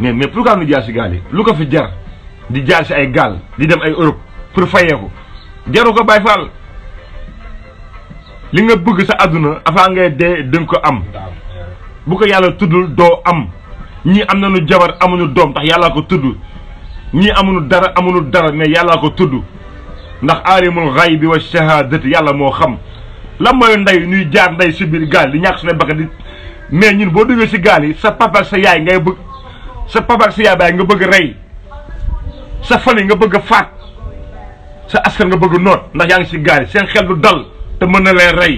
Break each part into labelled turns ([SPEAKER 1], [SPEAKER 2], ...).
[SPEAKER 1] mais mais pourquoi nous jaar ci gaal yi lu ko fi jar di jar ci ay gal di dem ay europe pour fayé ko jaru ko bay fal li nga bëgg sa aduna afa nga dé dëng ko am bu ko yalla tuddul do am ñi am nañu jabar amuñu dom tax yalla ko tudd ñi amuñu dara amuñu dara mais yalla ko tudd ndax alimul ghaibi wa shahadati yalla mo xam lam moy nday ñuy jaar nday ci bir gal di ñak suñu bakkan mais ñun bo duggé ci gal yi sa papa sa yaay ngay bëgg sa pabar nah, si yaabaay nga bëgg rey sa fane nga bëgg faat sa askan nga bëgg noot ndax yaangi ci gaal seen xel du dal te mën na leen rey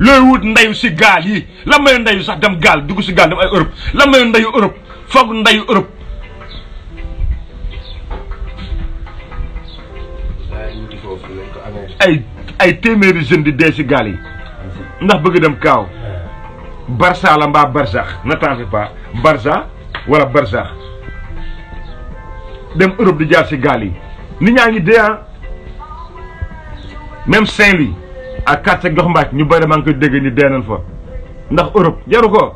[SPEAKER 1] looy wut ndayu ci gaal yi la may ndayu sax dem gaal dugg ci gaal dem ay Europe la may ndayu Europe fogg ndayu Europe ay ay téeméeri jeune di dé ci gaal yi ndax bëgg dem kaw eh. barça la mbaa barsax n'attendez pas barça wala barsax dem Europe di jaar si gaal yi ni ñaa ngi dee ah. même Saint-Louis ak quartier Gox Mbaaj ñu bëri maa ngi ko dégg ni dee nañ fa ndax Europe jaru ko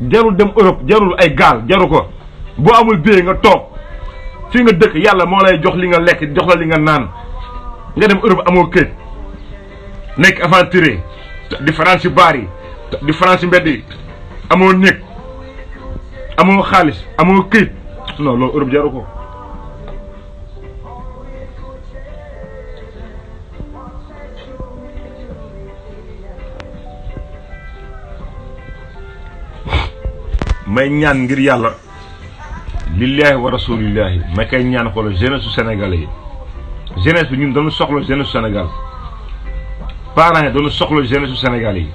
[SPEAKER 1] jarul dem Europe jarul ay gaal jaru ko boo amul bee nga toog fi nga dëkk yàlla moo lay jox li nga lekk jox la li nga naan nga dem Europe amoo këyit nekk aventurier di fanaan si baar yi di fanaan si mbedd amoo néeg amoo xaalis amoo këyit non ko may ñaan ngir yàlla lillaahi wa rasuulillaahi may kay ñaan xoolal jeunesse u Sénégal yi jeunesse bi ñun dañu soxla jeunesse su Sénégal parents yi soxla jeunesse u Sénégal yi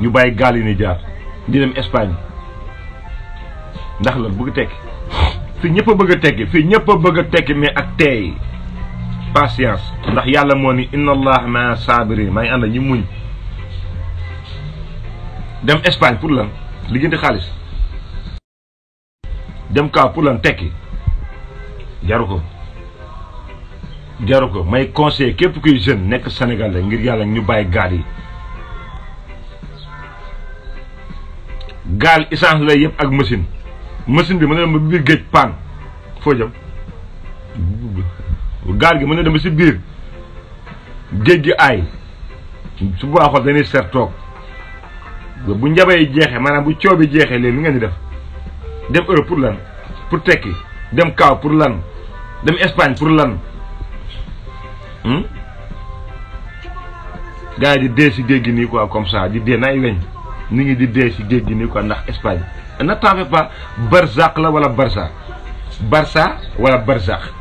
[SPEAKER 1] ñu bàyyi gaal yi ni jaar di dem Espagne ndax la bëgg tekki fii ñëpp a bëgg a tekki fii ñëpp a bëgg a tekki mais ak teey patience ndax yàlla moo ni inna allah ma sabiri maa ànd ñu muñ dem Espagne pour lan liggéeyante xaalis dem kaw pour lan tekki jaru ko jaru ko may conseil képp kuy jeune nekk senegal la ngir yàlla ñu bàyyi gaal yi gaal essence la yëpp ak machine machine bi mën na dem geej pan fo paan jëm gaal gi mën na dem ba si biir gi ay su bu waxo dañuy ser tok bu njabay jeexee manam bu ciobi bi jeexee léegi li ngeen di def dem Europe pour lan pour teki dem kaw pour lan dem Espagne pour lan hmm gaay di dé ci geej gi ni quoi comme ça di dé nay wéñ ni ngi di dé ci geej gi ni quoi ndax Espagne ne t'en fais pas barzaq la wala barza barça wala barzaq